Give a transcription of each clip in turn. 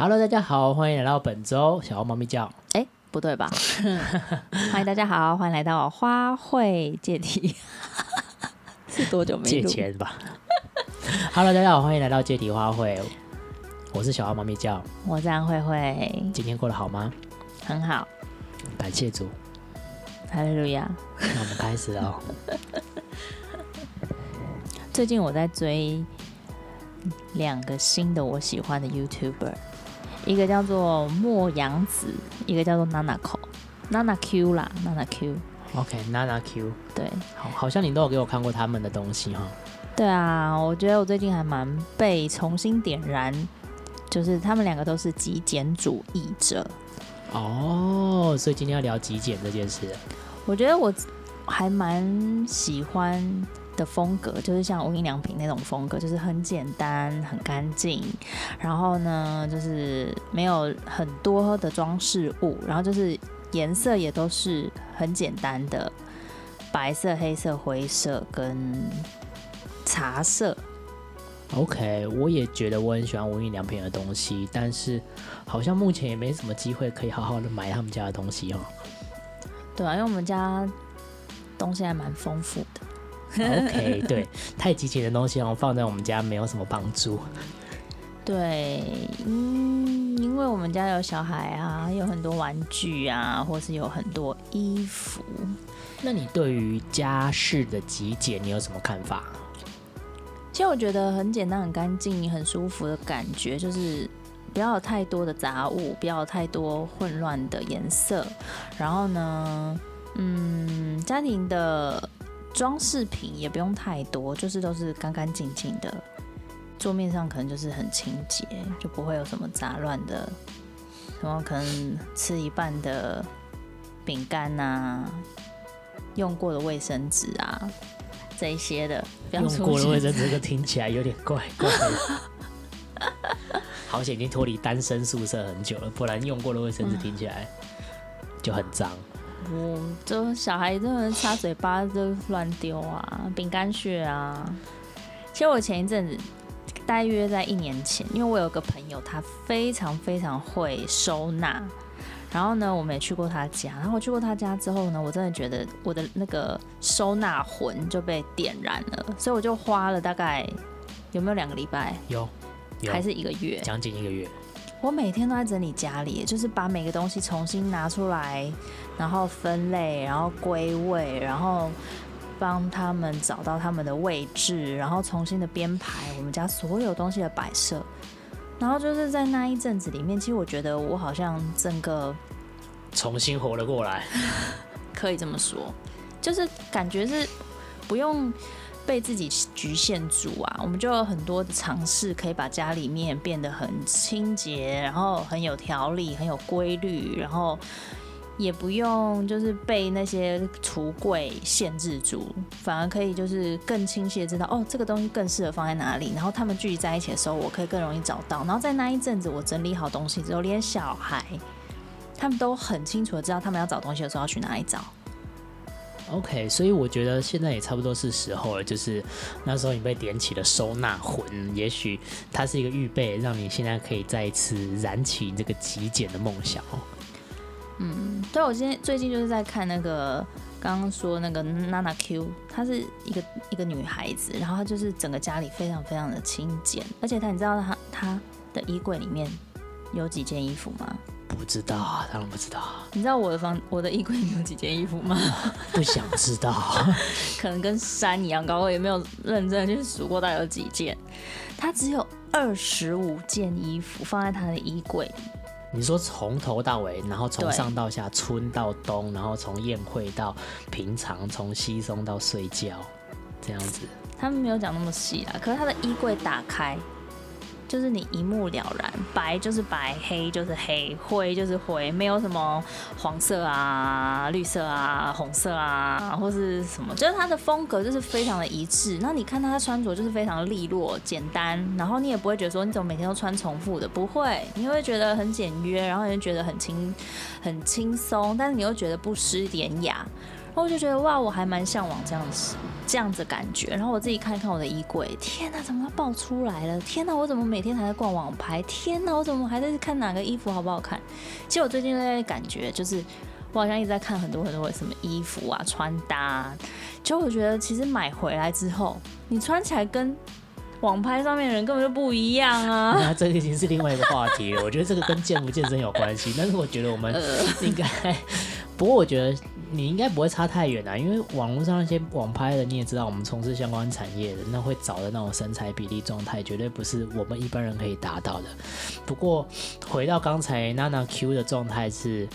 Hello，大家好，歡迎來到本周小花貓咪叫。哎，不對吧？歡迎大家好，歡迎來到花卉借題， 是多久沒有借錢吧 ？Hello，大家好，歡迎來到借題花卉，我是小花貓咪叫，我是安慧慧。今天過得好嗎？很好，感謝主。Hallelujah！啊，那我們開始哦。 最近我在追兩個新的我喜歡的 YouTuber。一個叫做莫楊子，一個叫做 Nanako, Nana Q，Nana Q 啦，Nana Q，OK，Nana Q，okay, Nana Q 對，好，好像你都有給我看過他們的東西哈、哦。對啊，我覺得我最近還蠻被重新點燃，就是他們兩個都是極簡主義者。哦，oh, 所以今天要聊極簡這件事。我覺得我還蠻喜歡的風格就是像無印良品那種風格，就是很簡單、很乾淨，然後呢，就是沒有很多的裝飾物，然後就是顏色也都是很簡單的白色、黑色、灰色跟茶色。OK，我也覺得我很喜歡無印良品的東西，但是好像目前也沒什麼機會可以好好的買他們家的東西哦。對啊，因為我們家東西還蠻豐富的。 OK，對，太極簡的東西，然後放在我們家沒有什麼幫助。對，嗯，因為我們家有小孩啊，有很多玩具啊，或是有很多衣服。那你對於家事的極簡，你有什麼看法？其實我覺得很簡單，很乾淨，很舒服的感覺，就是不要有太多的雜物，不要有太多混亂的顏色。然後呢，嗯，家庭的。裝飾品也不用太多，就是都是乾乾淨淨的。桌面上可能就是很清潔，就不會有什麼雜亂的，然後可能吃一半的餅乾吶，用過的衛生紙啊，這一些的。用過的衛生紙，這個聽起來有點怪怪的。 好險，已經脫離單身宿舍很久了，不然用過的衛生紙聽起來就很髒。不，我就小孩真的擦嘴巴都亂丟啊，餅乾屑啊。其實我前一陣子，大約在一年前，因為我有個朋友，他非常非常會收納。然後呢，我們也去過他家。然後我去過他家之後呢，我真的覺得我的那個收納魂就被點燃了。所以我就花了大概有沒有兩個禮拜有？有，還是一個月？將近一個月。我每天都在整理家裡，就是把每個東西重新拿出來，然後分類，然後歸位，然後幫他們找到他們的位置，然後重新的編排我們家所有東西的擺設。然後就是在那一陣子裡面，其實我覺得我好像整個重新活了過來。 可以這麼說，就是感覺是不用。被自己侷限住啊，我們就有很多嘗試，可以把家裡面變得很清潔，然後很有條理，很有規律，然後也不用就是被那些櫥櫃限制住，反而可以就是更清晰的知道，哦，這個東西更適合放在哪裡。然後他們聚集在一起的時候，我可以更容易找到。然後在那一陣子我整理好東西之後，連小孩他們都很清楚的知道，他們要找東西的時候要去哪裡找。OK，所以我覺得現在也差不多是時候了，就是那時候你被點起了收納魂，也許它是一個預備，讓你現在可以再一次燃起這個極簡的夢想。嗯，對，我今天最近就是在看那個剛剛說那個 Nana Q，她是一個一個女孩子，然後她就是整個家裡非常非常的清簡，而且她你知道她她的衣櫃裡面有幾件衣服嗎？不知道啊，當然不知道。你知道我的房，我的衣櫃裡有幾件衣服嗎？ 不想知道， 可能跟山一樣高，我也沒有認真去數過，大概有幾件。他只有二十五件衣服放在他的衣櫃。你說，從頭到尾，然後從上到下，對春到冬，然後從宴會到平常，從西裝到睡覺，這樣子。他們沒有講那麼細啦，可是他的衣櫃打開。就是你一目了然，白就是白，黑就是黑，灰就是灰，沒有什麼黃色啊、綠色啊、紅色啊或是什麼，就是它的風格就是非常的一致。那你看他穿着就是非常利落、簡單，然後你也不會覺得說你怎麼每天都穿重複的，不會，你會覺得很簡約，然後你會覺得很輕、很輕鬆，但是你又覺得不失典雅。然後我就覺得哇，我還蠻向往這樣子、這樣子感覺。然後我自己看一看我的衣櫃，天哪，怎麼都爆出來了？天哪，我怎麼每天還在逛網拍？天哪，我怎麼還在看哪個衣服好不好看？其實我最近的感覺，就是我好像一直在看很多很多什麼衣服啊、穿搭、啊。其實我覺得，其實買回來之後，你穿起來跟網拍上面的人根本就不一樣啊。那這已經是另外一個話題了。 我覺得這個跟健不健身有關係， 但是我覺得我們、呃、 應該。不過我覺得你應該不會差太遠的啊，因為網絡上那些網拍的，你也知道，我們從事相關產業的，那會找的那種身材比例狀態，絕對不是我們一般人可以達到的。不過回到剛才娜娜 Q 的狀態是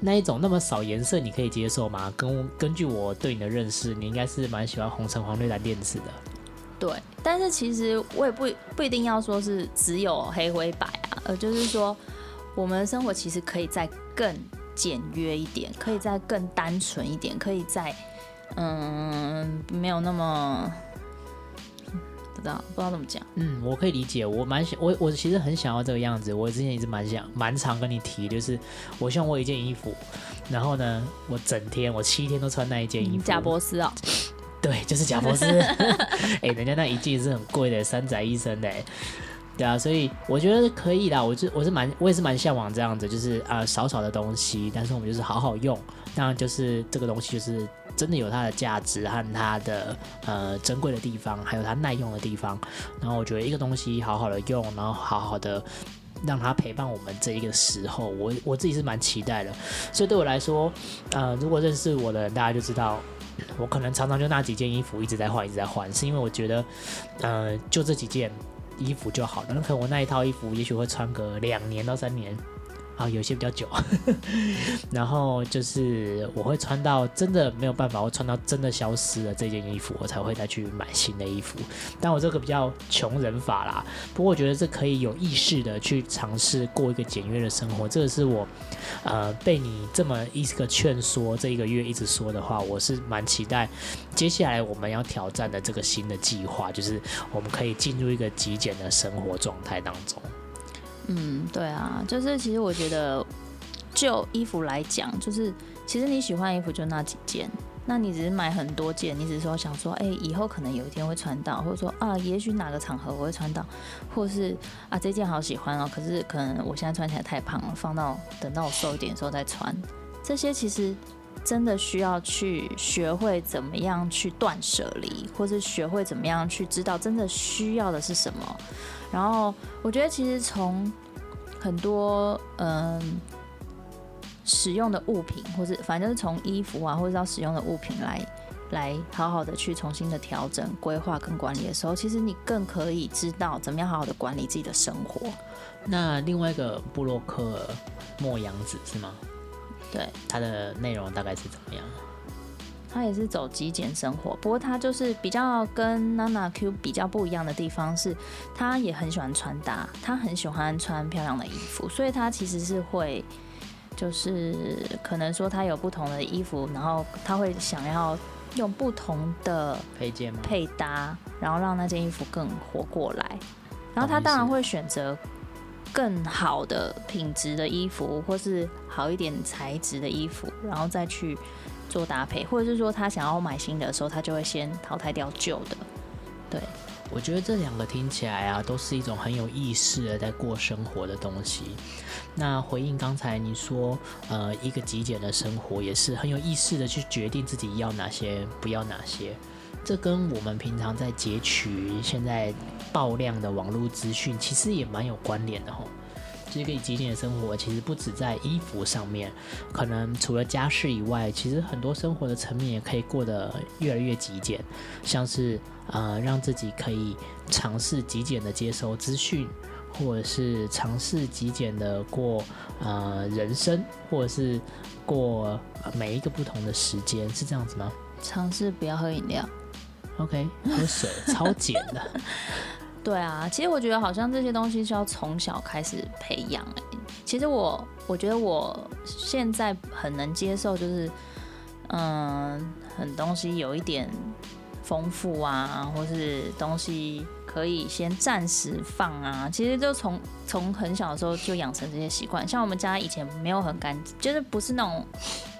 那一種那麼少顏色，你可以接受嗎？根根據我對你的認識，你應該是蠻喜歡紅橙黃綠藍靛紫的。對，但是其實我也不不一定要說是只有黑灰白啊，呃，就是說我們的生活其實可以再更，簡約一點，可以再更單純一點，可以再，嗯，沒有那麼，不知道不知道怎麼講。嗯，我可以理解，我蠻想，我我其實很想要這個樣子。我之前一直蠻想，蠻常跟你提，就是我希望我有一件衣服，然後呢，我整天，我七天都穿那一件衣服。賈伯斯啊、哦？ 對，就是賈伯斯。哎、 欸，人家那一季是很貴的，三宅一生的、欸。對啊，所以我覺得可以啦。我我我是蠻我也是蠻向往這樣子，就是啊、呃、少少的東西，但是我們就是好好用，那就是這個東西就是真的有它的價值和它的呃珍貴的地方，還有它耐用的地方。然後我覺得一個東西好好的用，然後好好的讓它陪伴我們這一個時候，我我自己是蠻期待的。所以對我來說，呃，如果認識我的人，大家就知道我可能常常就那幾件衣服一直在換，一直在換，是因為我覺得呃就這幾件。衣服就好了。那可能我那一套衣服，也許會穿個兩年到三年。啊，有些比較久， 然後就是我會穿到真的沒有辦法，我穿到真的消失了這件衣服，我才會再去買新的衣服。但我這個比較窮人法啦，不過我覺得這可以有意識的去嘗試過一個簡約的生活。這個是我呃被你這麼一個勸說，這一個月一直說的話，我是蠻期待接下來我們要挑戰的這個新的計劃，就是我們可以進入一個極簡的生活狀態當中。嗯，對啊，就是其實我覺得，就衣服來講，就是其實你喜歡的衣服就那幾件，那你只是買很多件，你只是說想說，誒，以後可能有一天會穿到，或者說啊，也許哪個場合我會穿到，或是啊，這件好喜歡哦，可是可能我現在穿起來太胖了，放到等到我瘦一點的時候再穿，這些其實。真的需要去學會怎麼樣去斷捨離，或是學會怎麼樣去知道真的需要的是什麼。然後，我覺得其實從很多嗯、呃、使用的物品，或是反正就是從衣服啊，或者到使用的物品來來好好的去重新的調整、規劃跟管理的時候，其實你更可以知道怎麼樣好好的管理自己的生活。那另外一個布洛克莫陽子是嗎？對，它的內容大概是怎麼樣？他也是走極簡生活，不過他就是比較跟 Nana Q 比較不一樣的地方是，他也很喜歡穿搭，他很喜歡穿漂亮的衣服，所以他其實是會，就是可能說他有不同的衣服，然後他會想要用不同的配件配搭，配然後讓那件衣服更活過來，然後他當然會選擇。更好的品質的衣服，或是好一點材質的衣服，然後再去做搭配，或者是說他想要買新的的時候，他就會先淘汰掉舊的。對，我覺得這兩個聽起來啊，都是一種很有意思的在過生活的東西。那回應剛才你說，呃，一個極簡的生活也是很有意思的去決定自己要哪些，不要哪些。這跟我們平常在截取現在爆量的網絡資訊，其實也蠻有關聯的哈。這個極簡的生活其實不只在衣服上面，可能除了家事以外，其實很多生活的層面也可以過得越來越極簡。像是呃，讓自己可以嘗試極簡的接收資訊，或者是嘗試極簡的過呃人生，或者是過每一個不同的時間，是這樣子嗎？嘗試不要喝飲料。OK，喝水超簡的。 對啊，其實我覺得好像這些東西是要從小開始培養、欸、其實我，我覺得我現在很能接受，就是嗯、呃，很東西有一點豐富啊，或是東西可以先暫時放啊。其實就從從很小的時候就養成這些習慣。像我們家以前沒有很乾淨，就是不是那種。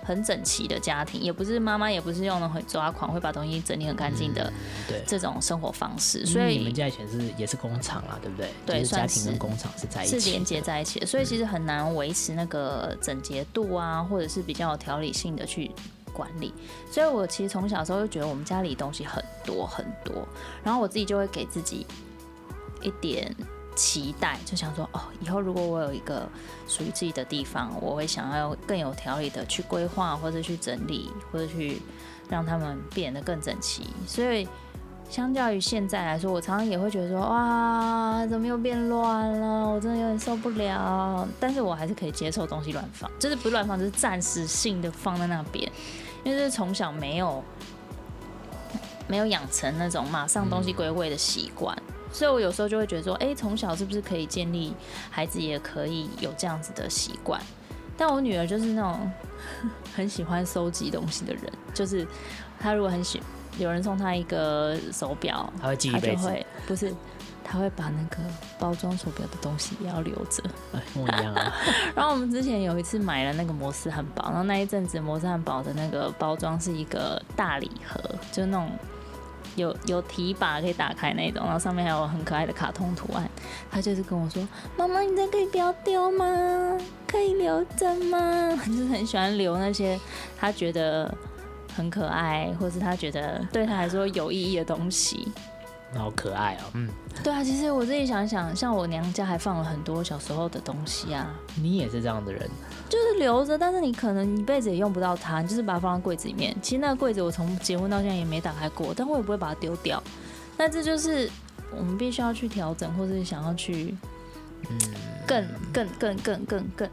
很整齊的家庭，也不是媽媽，也不是用的很抓狂，會把東西整理很乾淨的，對這種生活方式。嗯、所以、嗯、你們家以前是也是工廠啊，對不對？對，算是工廠是在一起，是連接在一起的。所以其實很難維持那個整潔度啊，嗯、或者是比較有條理性的去管理。所以我其實從小時候就覺得我們家裡東西很多很多，然後我自己就會給自己一點。期待，就想說哦，以後如果我有一個屬於自己的地方，我會想要更有條理的去規劃，或者去整理，或者去讓他們變得更整齊。所以，相較於現在來說，我常常也會覺得說哇，怎麼又變亂了？我真的有點受不了。但是我還是可以接受東西亂放，就是不亂放，就是暫時性的放在那邊，因為就是從小沒有沒有養成那種馬上東西歸位的習慣。嗯所以，我有時候就會覺得說，哎、欸，從小是不是可以建立孩子也可以有這樣子的習慣？但我女兒就是那種很喜歡收集東西的人，就是她如果很喜，有人送她一個手錶，她會記一輩子。她就會不是，她會把那個包裝手錶的東西也要留着，跟我一樣啊。 然後我們之前有一次買了那個摩斯漢堡，然後那一陣子摩斯漢堡的那個包裝是一個大禮盒，就那種。有有提把可以打開那一種，然後上面還有很可愛的卡通圖案。他就是跟我說：“媽媽，你這可以不要丟嗎？可以留着嗎？”就是很喜歡留那些他覺得很可愛，或是他覺得對他來說有意義的東西。好可愛哦，喔！嗯，對啊，其實我自己想想，像我娘家還放了很多小時候的東西啊。你也是這樣的人，就是留着，但是你可能一輩子也用不到它，就是把它放到櫃子裡面。其實那個櫃子我從結婚到現在也沒打開過，但我也不會把它丟掉。那這就是我們必須要去調整，或是想要去，嗯，更更更更更更。更更更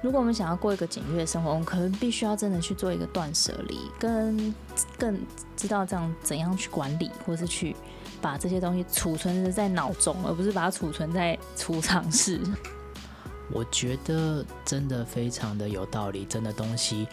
如果我們想要過一個簡約的生活，我們可能必須要真的去做一個斷捨離，跟更，更知道這樣怎樣去管理，或是去把這些東西儲存在腦中，而不是把它儲存在儲藏室。我覺得真的非常的有道理，真的東西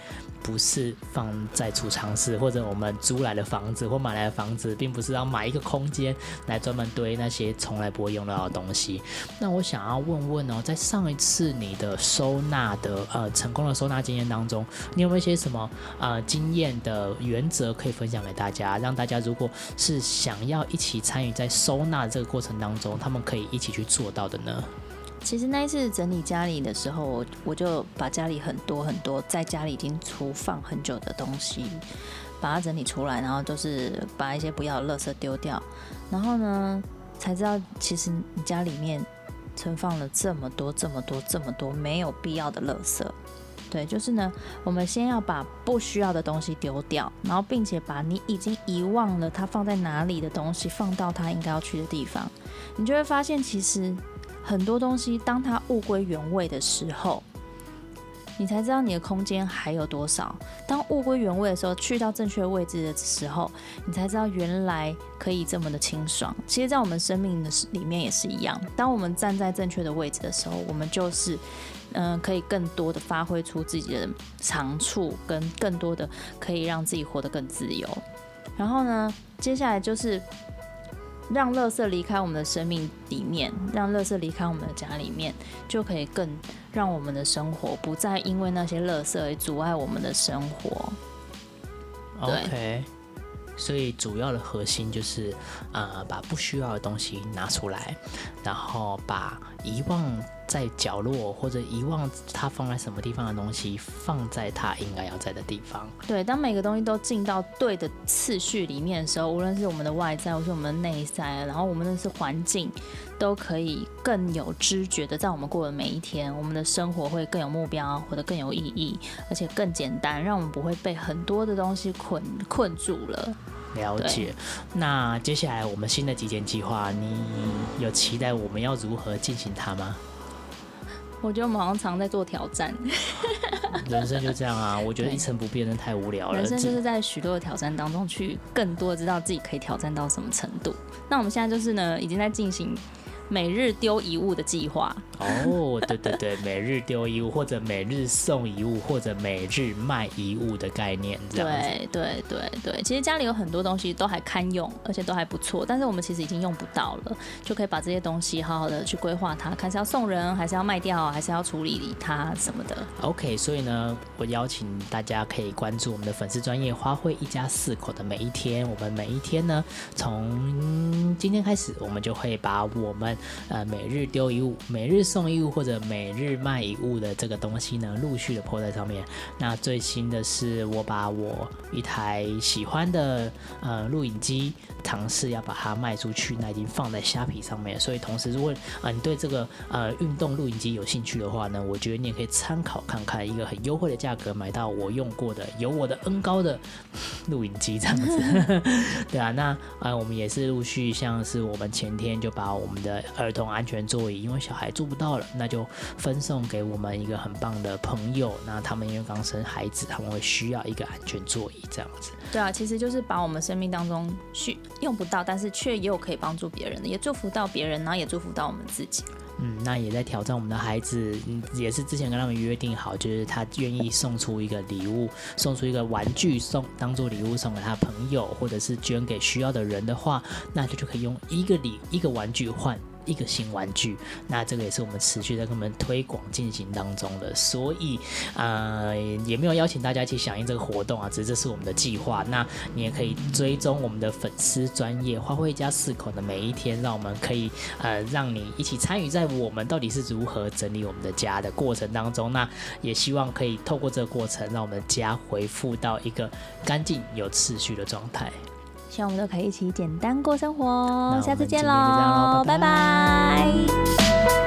不是放在儲藏室，或者我們租來的房子或買來的房子，並不是要買一個空間來專門堆那些從來不會用到的東西。那我想要問問哦，在上一次你的收納的呃成功的收納經驗當中，你有沒有一些什麼呃經驗的原則可以分享給大家，讓大家如果是想要一起參與在收納這個過程當中，他們可以一起去做到的呢？其實那一次整理家裡的時候，我我就把家裡很多很多在家裡已經儲放很久的東西，把它整理出來，然後就是把一些不要的垃圾丟掉。然後呢，才知道其實你家裡面存放了這麼多、這麼多、這麼多沒有必要的垃圾。對，就是呢，我們先要把不需要的東西丟掉，然後並且把你已經遺忘了它放在哪裡的東西放到它應該要去的地方，你就會發現其實。很多東西，當它物歸原位的時候，你才知道你的空間還有多少。當物歸原位的時候，去到正確的位置的時候，你才知道原來可以這麼的清爽。其實，在我們生命的裡面也是一樣。當我們站在正確的位置的時候，我們就是嗯、呃，可以更多的發揮出自己的長處，跟更多的可以讓自己活得更自由。然後呢，接下來就是。讓垃圾離開我們的生命裡面，讓垃圾離開我們的家裡面，就可以更讓我們的生活不再因為那些垃圾而阻礙我們的生活。OK，所以主要的核心就是，啊、呃，把不需要的東西拿出來，然後把遺忘。在角落或者遺忘它放在什麼地方的東西，放在它應該要在的地方。對，當每個東西都進到對的次序裡面的時候，無論是我們的外在，或是我們的內在，然後我們的是環境，都可以更有知覺的在我們過的每一天，我們的生活會更有目標，或者更有意義，而且更簡單，讓我們不會被很多的東西捆困住了。了解。對那接下來我們新的極簡計劃，你有期待我們要如何進行它嗎？我覺得我們好像常在做挑戰，人生就這樣啊！我覺得一成不變的太無聊了。人生就是在許多的挑戰當中，去更多的知道自己可以挑戰到什麼程度。那我們現在就是呢，已經在進行。每日丟一物的計劃哦，對對對，每日丟一物，或者每日送一物，或者每日賣一物的概念，對對對對，其實家裡有很多東西都還堪用，而且都還不錯，但是我們其實已經用不到了，就可以把這些東西好好的去規劃它，看是要送人，還是要賣掉，還是要處理理它什麼的。OK，所以呢，我邀請大家可以關注我們的粉絲專頁花卉，一家四口的每一天，我們每一天呢，從今天開始，我們就會把我們。呃，每日丟一物，每日送一物，或者每日賣一物的這個東西呢，陸續的 po 在上面。那最新的是，我把我一台喜歡的呃錄影機嘗試要把它賣出去，那已經放在蝦皮上面了。所以，同時，如果、呃、你對這個呃運動錄影機有興趣的話呢，我覺得你也可以參考看看，一個很優惠的價格買到我用過的、有我的恩高的錄影機這樣子。 對啊，那啊、呃，我們也是陸續像是我們前天就把我們的。兒童安全座椅，因為小孩坐不到了，那就分送給我們一個很棒的朋友。那他們因為剛生孩子，他們會需要一個安全座椅，這樣子。對啊，其實就是把我們生命當中需用不到，但是卻又可以幫助別人的，也祝福到別人，然後也祝福到我們自己。嗯，那也在挑戰我們的孩子，也是之前跟他們約定好，就是他願意送出一個禮物，送出一個玩具送當做禮物送給他朋友，或者是捐給需要的人的話，那就就可以用一個禮一個玩具換。一個新玩具，那這個也是我們持續在跟他們推廣進行當中的，所以呃，也沒有邀請大家去響應這個活動啊，只是這是我們的計劃。那你也可以追蹤我們的粉絲專業花卉一家四口的每一天，讓我們可以呃，讓你一起參與在我們到底是如何整理我們的家的過程當中。那也希望可以透過這個過程，讓我們的家恢復到一個乾淨有秩序的狀態。希望我們都可以一起簡單過生活，下次見嘍，拜拜。拜拜。